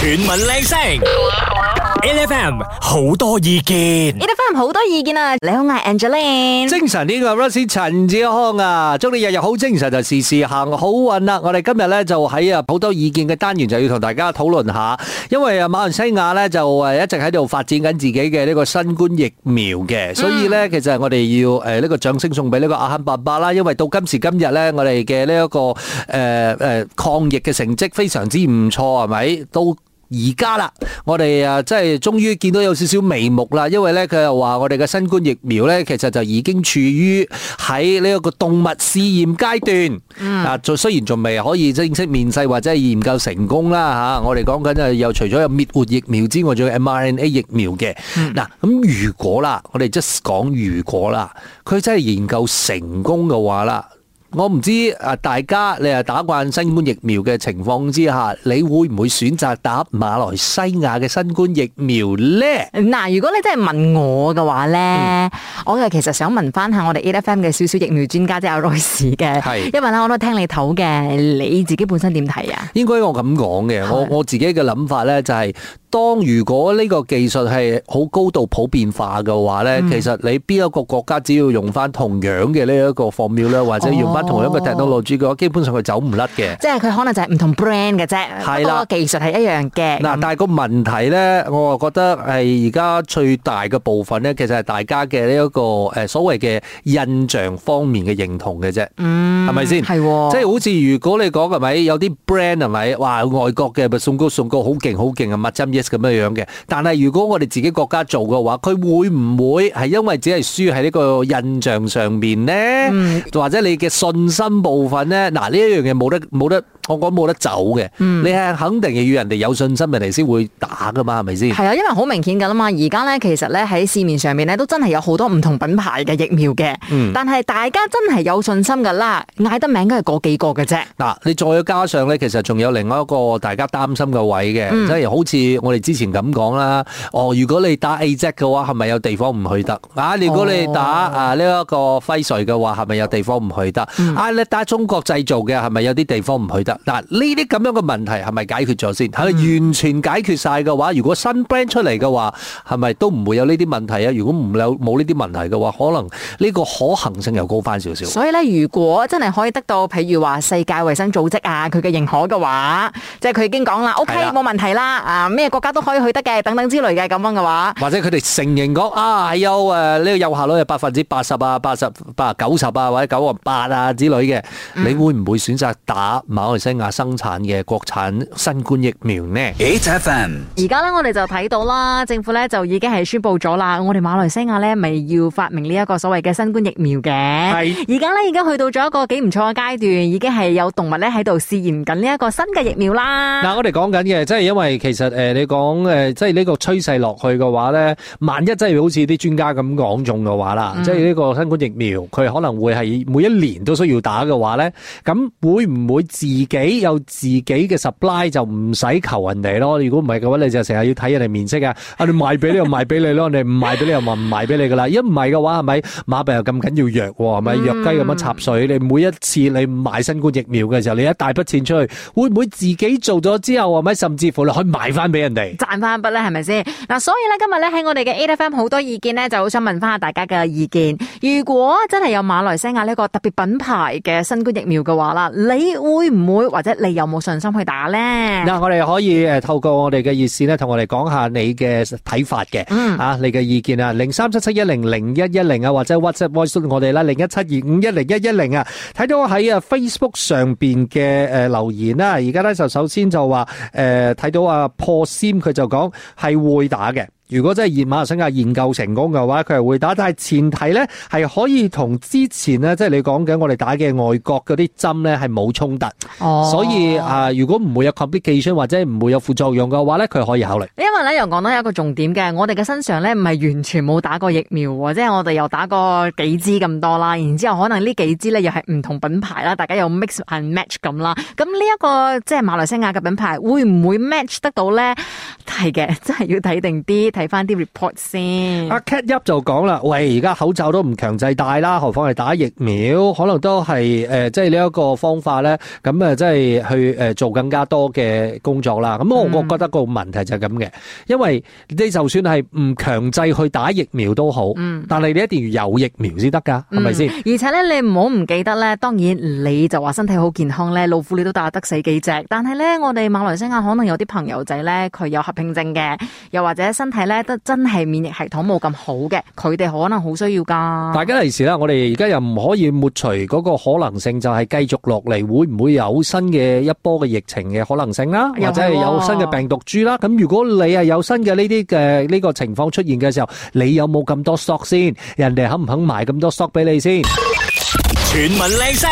全民靚聲，L.F.M. 好多意見，L.F.M. 好多意見啊！你好，阿 Angeline，精神啲嘅 Russie 陳志康啊，祝你日日好精神，就事事行好運啦！我哋今日咧就喺啊好多意見嘅單元，就要同大家討論下，因為啊馬來西亞咧就誒一直喺度發展緊自己嘅呢個新冠疫苗嘅，所以咧其實我哋要誒呢個掌聲送俾呢個阿肯伯伯啦，因為到今時今日咧我哋嘅呢一個誒誒抗疫嘅成績非常之唔錯，係咪都？而家啦，我哋啊，即係終於見到有少少眉目啦，因為咧佢又話我哋嘅新冠疫苗咧，其實就已經處於喺呢一個動物試驗階段。嗯，啊，雖然仲未可以正式面世或者係研究成功啦吓，啊，我哋講緊啊，又除咗有滅活疫苗之外，仲有 mRNA 疫苗嘅。嗱，嗯，咁，啊，如果啦，我哋 just 講如果啦，佢真係研究成功嘅話啦。我唔知啊，大家你係打慣新冠疫苗嘅情況之下，你會唔會選擇打馬來西亞嘅新冠疫苗咧？嗱，如果你真係問我嘅話咧，我就其實想問翻下我哋 8FM 嘅少少疫苗專家即係阿 Rose 嘅，係，因為咧我都聽你討嘅，你自己本身點睇啊？應該我咁講嘅，我我自己嘅諗法咧就係，當如果呢個技術係好高度普遍化嘅話咧，其實你邊一個國家只要用翻同樣嘅呢一個疫苗咧，或者用翻。同我咁樣踢到路柱嘅話，基本上佢走唔甩嘅。即係佢可能就係唔同 brand 嘅啫。係啦，技術係一樣嘅。嗱，但係個問題咧，我話覺得係而家最大嘅部分咧，其實係大家嘅呢一個誒所謂嘅印象方面嘅認同嘅啫。嗯，係咪先？係喎。即係好似如果你講係咪有啲 brand 係咪哇外國嘅咪送高送高好勁好勁啊，match yes 咁樣樣嘅，但係如果我哋自己國家做嘅話，佢會唔會係因為只係輸喺呢個印象上面咧？或者你嘅信？信心部分咧，嗱，呢一樣嘢冇得冇得。我講冇得走嘅，你係肯定要與人哋有信心，人哋先會打噶嘛，係咪先？係啊，因為好明顯噶啦嘛。而家咧，其實咧喺市面上面咧，都真係有好多唔同品牌嘅疫苗嘅。嗯。但係大家真係有信心噶啦，嗌得名都係嗰幾個嘅啫。嗱，你再加上咧，其實仲有另外一個大家擔心嘅位嘅，即係好似我哋之前咁講啦。哦，如果你打 AZ 嘅話，係咪有地方唔去得啊？如果你打啊呢一個輝瑞嘅話，係咪有地方唔去得啊？你打中國製造嘅係咪有啲地方唔去得？嗱，呢啲咁樣嘅問題係咪解決咗先？係咪完全解決曬嘅話，如果新 brand 出嚟嘅話，係咪都唔會有呢啲問題啊？如果唔有冇呢啲問題嘅話，可能呢個可行性又高翻少少。所以咧，如果真係可以得到，譬如話世界衞生組織啊，佢嘅認可嘅話，即係佢已經講啦，OK 冇問題啦，啊咩國家都可以去得嘅，等等之類嘅咁樣嘅話，或者佢哋承認講啊有誒呢個有效率係百分之八十啊、八十八九十啊或者九十八啊之類嘅，你會唔會選擇打某？西亞生產嘅國產新冠疫苗呢？HFM，而家咧我哋就睇到啦，政府咧就已經係宣布咗啦，我哋馬來西亞咧咪要發明呢一個所謂嘅新冠疫苗嘅。係，而家咧已經去到咗一個幾唔錯嘅階段，已經係有動物咧喺度試驗緊呢一個新嘅疫苗啦。嗱、嗯，我哋講緊嘅，即係因為其實誒、呃，你講誒、呃，即係呢個趨勢落去嘅話咧，萬一真係好似啲專家咁講中嘅話啦，嗯、即係呢個新冠疫苗佢可能會係每一年都需要打嘅話咧，咁會唔會自己己有自己嘅 supply 就唔使求人哋咯。如果唔係嘅話，你就成日要睇人哋面色啊。啊，你賣俾你又賣俾你咯，你唔賣俾你又話唔賣俾你噶啦。一唔係嘅話係咪馬病又咁緊要藥？係咪藥雞咁樣插水？你每一次你買新冠疫苗嘅時候，你一大筆錢出去，會唔會自己做咗之後，係咪甚至乎你可以賣翻俾人哋，賺翻一筆咧？係咪先？嗱，所以咧今日咧喺我哋嘅 ATFM 好多意見咧，就好想問翻下大家嘅意見。如果真係有馬來西亞呢個特別品牌嘅新冠疫苗嘅話啦，你會唔會？或者你有冇信心去打咧？嗱，我哋可以誒透過我哋嘅熱線咧，同我哋講下你嘅睇法嘅，嗯，啊，你嘅意見啊，零三七七一零零一一零啊，或者 WhatsApp 我哋啦，零一七二五一零一一零啊，睇到喺啊 Facebook 上邊嘅誒留言啦，而家咧就首先就話誒睇到啊破仙佢就講係會打嘅。如果真係熱馬來西亞研究成功嘅話，佢係會打，但係前提呢，係可以同之前呢，即係你講緊我哋打嘅外國嗰啲針呢，係冇衝突，哦、所以啊、呃，如果唔會有 complication 或者唔會有副作用嘅話呢，佢可以考慮。因為呢，又講到有一個重點嘅，我哋嘅身上呢，唔係完全冇打過疫苗喎，即係我哋又打過幾支咁多啦，然之後可能呢幾支呢，又係唔同品牌啦，大家有 mix and match 咁啦，咁呢一個即係馬來西亞嘅品牌會唔會 match 得到呢？係嘅，真係要睇定啲，睇翻啲 report 先。阿 Cat Up 就講啦，喂，而家口罩都唔強制戴啦，何況係打疫苗，可能都係誒，即係呢一個方法咧，咁啊，即係去誒做更加多嘅工作啦。咁我我覺得個問題就係咁嘅，因為你就算係唔強制去打疫苗都好，嗯，但係你一定要有疫苗先得噶，係咪先？而且咧，你唔好唔記得咧，當然你就話身體好健康咧，老虎你都打得死幾隻，但係咧，我哋馬來西亞可能有啲朋友仔咧，佢有合併。正嘅，又或者身體咧得真係免疫系統冇咁好嘅，佢哋可能好需要噶。大家嚟時啦，我哋而家又唔可以抹除嗰個可能性，就係繼續落嚟會唔會有新嘅一波嘅疫情嘅可能性啦，或者係有新嘅病毒株啦。咁如果你係有新嘅呢啲嘅呢個情況出現嘅時候，你有冇咁多 stock 先？人哋肯唔肯賣咁多 stock 俾你先？全民靚聲。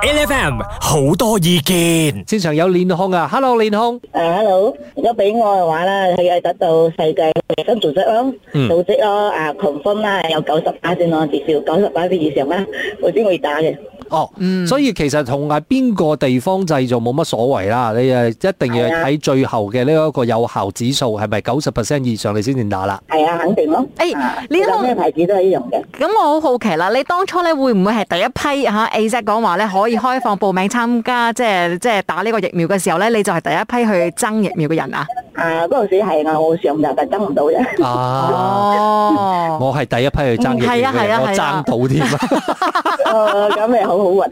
N F M 好多意見，正常有練胸啊！Hello 練胸，誒、uh,，Hello，如果俾我嘅話咧，係得到世界衛生組織咯，嗯、組織咯，啊，群分啦，有九十八分咯，至少九十八分以上啦，我先會打嘅。 哦，所以其實同係邊個地方製造冇乜所謂啦，你係一定要睇，最後嘅呢一個有效指數係咪九十 percent 以上你先至打啦。係啊，肯定咯。誒、哎，呢個咩牌子都係一樣嘅。咁我好好奇啦，你當初咧會唔會係第一批吓、啊、AZ 講話咧可以開放報名參加，即係即係打呢個疫苗嘅時候咧，你就係第一批去爭疫苗嘅人啊？啊！嗰陣時係我上就但係爭唔到啫。哦，啊、 我係第一批去爭啊，疫苗，啊，啊爭到添。啊、 呃。咁咪好好運。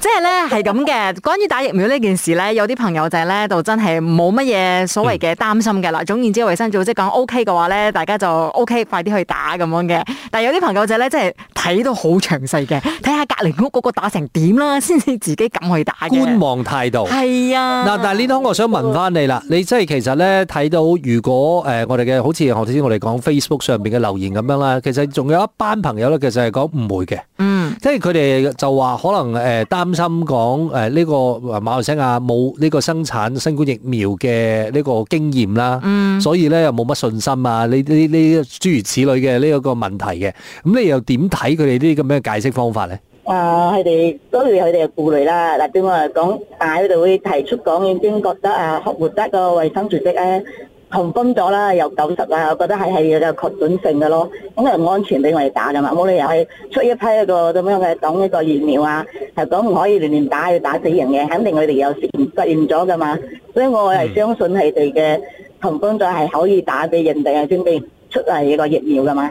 即係咧，係咁嘅。關於打疫苗呢件事咧，有啲朋友仔咧就真係冇乜嘢所謂嘅擔心嘅啦。總言之，衞生組織講 O K 嘅話咧，大家就 O、OK, K，快啲去打咁樣嘅。但係有啲朋友仔咧，即係睇到好詳細嘅，睇下隔籬屋嗰個打成點啦，先至自己敢去打嘅。觀望態度。係啊。嗱， 但係呢度我想問翻你啦，你即係。其實咧睇到，如果誒、呃、我哋嘅好似頭先我哋講 Facebook 上邊嘅留言咁樣啦，其實仲有一班朋友咧，其實係講唔會嘅，嗯，即係佢哋就話可能誒呃、擔心講誒呢個馬來西亞冇呢個生產新冠疫苗嘅呢個經驗啦，嗯，所以咧又冇乜信心啊，呢呢呢諸如此類嘅呢一個問題嘅，咁你又點睇佢哋呢啲咁嘅解釋方法咧？啊！佢哋都會佢哋嘅顧慮啦。嗱，對我嚟講，但係佢哋會提出講已經覺得啊，活活得個衞生組織咧，同封咗啦，又九十啦，我覺得係係有確準性嘅咯。咁係安全俾我哋打噶嘛，冇理由係出一批一個咁樣嘅講一個疫苗啊，係講唔可以連連打去打死人嘅，肯定佢哋有實驗咗噶嘛。所以我係相信佢哋嘅同封咗係可以打俾人哋嘅生命出嚟一個疫苗噶嘛。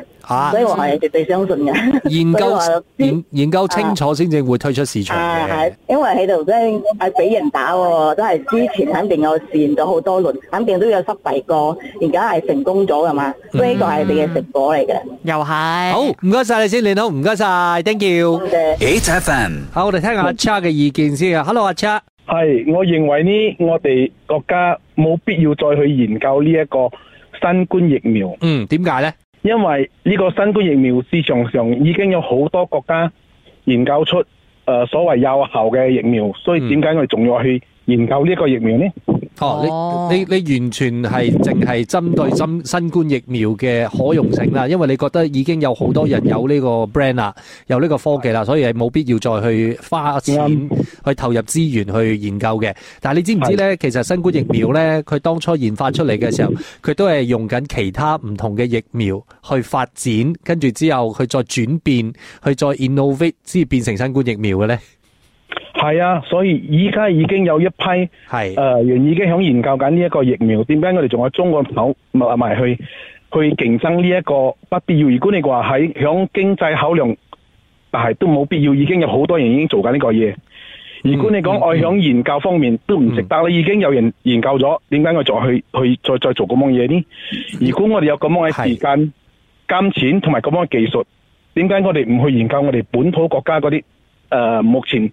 所以我係絕對相信嘅，研究研研究清楚先至會推出市場嘅。係因為喺度真係俾人打，都係之前肯定有試驗咗好多輪，肯定都有失敗過。而家係成功咗噶嘛。呢個係你嘅成果嚟嘅。又係好唔該晒你先，你好唔該晒，thank you。好嘅，H F M。好，我哋聽下阿 Charles 嘅意見先啊。Hello，阿 Charles。係我認為呢，我哋國家冇必要再去研究呢一個新冠疫苗。嗯，點解咧？因為呢個新冠疫苗市場上已經有好多國家研究出、呃、所謂有效嘅疫苗，所以點解我哋仲要去研究呢一個疫苗呢？哦，你你你完全係淨係針對針新冠疫苗嘅可用性啦，因為你覺得已經有好多人有呢個 brand 啦，有呢個科技啦，所以係冇必要再去花錢去投入資源去研究嘅。但係你知唔知呢？其實新冠疫苗呢，佢當初研發出嚟嘅時候，佢都係用緊其他唔同嘅疫苗去發展，跟住之後佢再轉變，佢再 innovate，先變成新冠疫苗嘅呢。係啊，所以依家已經有一批，係是，誒、呃，已經響研究緊呢一個疫苗。點解我哋仲有中國跑埋埋去去競爭呢一個不必要？如果你話喺響經濟考量，但係都冇必要。已經有好多人已經做緊呢個嘢。嗯嗯、如果你講愛響研究方面、嗯嗯、都唔值得，你已經有人研究咗，點解我再去去再再做咁樣嘢呢？如果我哋有咁樣嘅時間、金錢同埋咁樣嘅技術，點解我哋唔去研究我哋本土國家嗰啲誒目前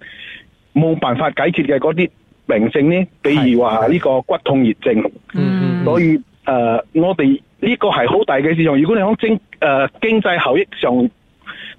冇辦法解決嘅嗰啲病症呢，比如話呢個骨痛熱症， 所以誒、呃，我哋呢、這個係好大嘅市場。如果你響經誒、呃、經濟效益上，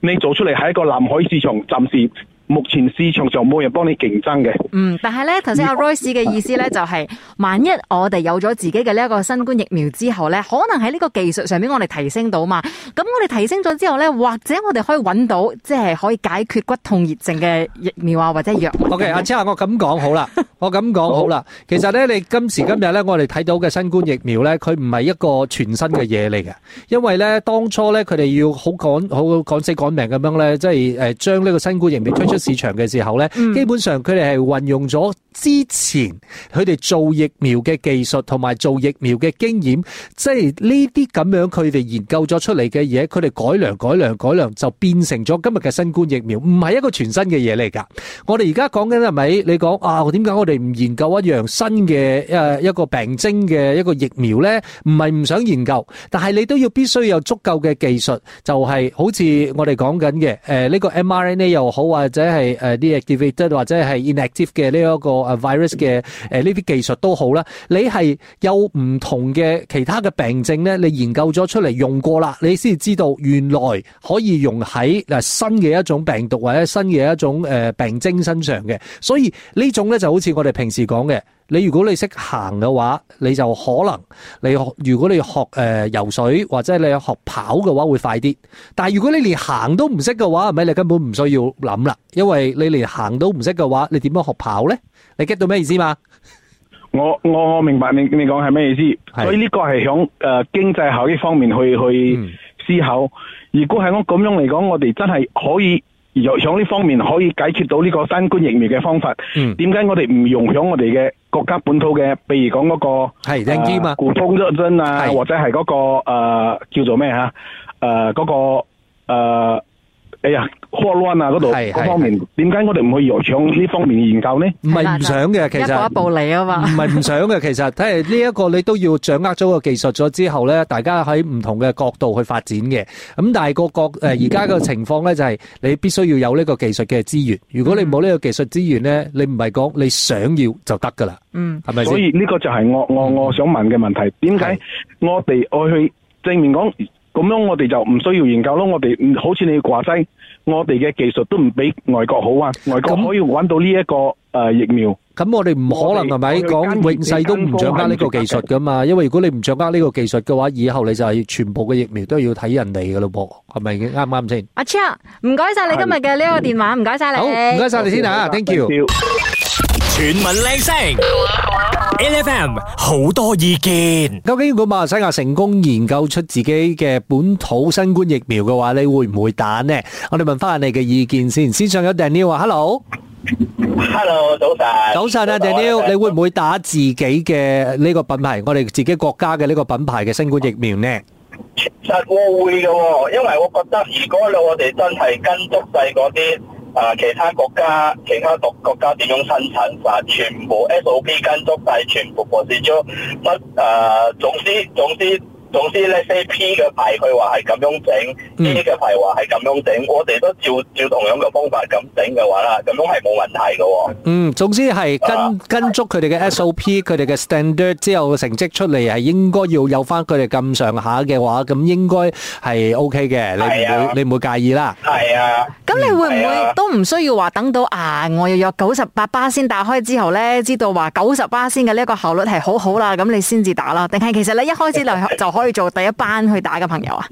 你做出嚟係一個南海市場，暫時。目前市場上冇人幫你競爭嘅。嗯，但係咧，頭先阿 Royce 嘅意思咧，就係、是、萬一我哋有咗自己嘅呢一個新冠疫苗之後咧，可能喺呢個技術上邊我哋提升到嘛，咁我哋提升咗之後咧，或者我哋可以揾到，即係可以解決骨痛熱症嘅疫苗啊，或者藥。OK，阿 Charles，我咁講好啦，我咁講好啦。 其實咧，你今時今日咧，我哋睇到嘅新冠疫苗咧，佢唔係一個全新嘅嘢嚟嘅，因為咧，當初咧，佢哋要好趕好趕死趕命咁樣咧，即係誒將呢個新冠疫苗推出。市場嘅時候咧，基本上佢哋係運用咗。之前佢哋做疫苗嘅技術同埋做疫苗嘅經驗，即係呢啲咁樣佢哋研究咗出嚟嘅嘢，佢哋改良改良改良就變成咗今日嘅新冠疫苗，唔係一個全新嘅嘢嚟㗎。我哋而家講緊係咪？你講啊？點解我哋唔研究一樣新嘅誒一個病徵嘅一個疫苗咧？唔係唔想研究，但係你都要必須有足夠嘅技術，就係好似我哋講緊嘅誒呢個 mRNA 又好，或者係誒啲 activated 或者係 inactive 嘅呢一個。啊、virus 嘅誒呢啲技術都好啦，你係有唔同嘅其他嘅病症咧，你研究咗出嚟用過啦，你先知道原來可以用喺誒新嘅一種病毒或者新嘅一種誒、呃、病徵身上嘅，所以種呢種咧就好似我哋平時講嘅，你如果你識行嘅話，你就可能你如果你學誒、呃、游水或者你學跑嘅話會快啲，但係如果你連行都唔識嘅話，係咪你根本唔需要諗啦？因為你連行都唔識嘅話，你點樣學跑咧？你 get 到咩意思嘛？我我我明白你你講係咩意思，所以呢個係響誒經濟效益方面去去思考。如果係我咁樣嚟講，我哋真係可以用響呢方面可以解決到呢個新冠疫苗嘅方法。點解我哋唔用響我哋嘅國家本土嘅？譬如講嗰個係疫苗啊，普通針針啊，或者係嗰個誒叫做咩吓？誒嗰個誒。哎呀，Coron 啊，嗰度嗰方面，點解我哋唔去想呢方面研究呢？唔係唔想嘅，其實一步一步嚟啊嘛。唔係唔想嘅，其實睇嚟呢一個你都要掌握咗個技術咗之後咧，大家喺唔同嘅角度去發展嘅。咁但係個角誒，而家嘅情況咧就係你必須要有呢個技術嘅資源。如果你冇呢個技術資源咧，你唔係講你想要就得㗎啦。嗯，係咪先？所以呢個就係我我我想問嘅問題，點解我哋我去正面講？咁樣我哋就唔需要研究咯，我哋好似你華西，我哋嘅技術都唔比外國好啊，外國可以揾到呢一個誒疫苗，咁我哋唔可能係咪講永世都唔掌握呢個技術噶嘛？因為如果你唔掌握呢個技術嘅話，以後你就係全部嘅疫苗都要睇人哋噶咯噃，係咪啱唔啱先？阿 Charles，唔該晒你今日嘅呢個電話，唔該晒你好，唔該晒你先吓，Thank you。全民靚聲，L F M 好多意見。究竟如果馬來西亞成功研究出自己嘅本土新冠疫苗嘅話，你會唔會打呢？我哋問翻你嘅意見先。線上有 Daniel 話：Hello，Hello，早晨，早晨啊，Daniel，你會唔會打自己嘅呢個品牌？我哋自己國家嘅呢個品牌嘅新冠疫苗呢？其實我會嘅，因為我覺得如果我哋真係跟足晒嗰啲。啊、呃！其他國家，其他國國家點樣生產法，全部 SOP 跟足曬，全部和事焦乜？啊、呃，總之總之。總之咧，A P 嘅牌佢話係咁樣整，B 嘅牌話係咁樣整，我哋都照照同樣嘅方法咁整嘅話啦，咁樣係冇問題嘅喎。嗯，總之係跟跟足佢哋嘅 S O P，佢哋嘅 standard 之後成績出嚟係應該要有翻佢哋咁上下嘅話，咁應該係 O K 嘅，你唔會你唔會介意啦。係啊，咁你會唔會都唔需要話等到啊？我要有九十八巴先打開之後咧，知道話九十八巴先嘅呢一個效率係好好啦，咁你先至打啦。定係其實你一開始嚟就可。可以做第一班去打嘅朋友啊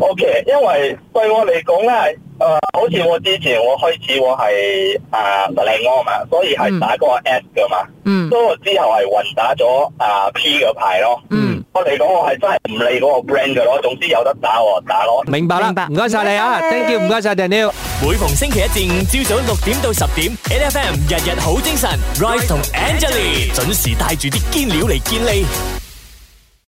？OK，因為對我嚟講咧，誒，好似我之前我開始我係誒利安嘛，所以係打個 S 噶嘛，嗯，都之後係混打咗誒 P 嘅牌咯，嗯，我嚟講我係真係唔理嗰個 brand 噶咯，總之有得打我打咯。明白啦，明白，唔該曬你啊，Thank you，唔該曬 Daniel。每逢星期一至五朝早六點到十點，A F M 日日好精神，Rise 同 Angelie 準時帶住啲堅料嚟見你。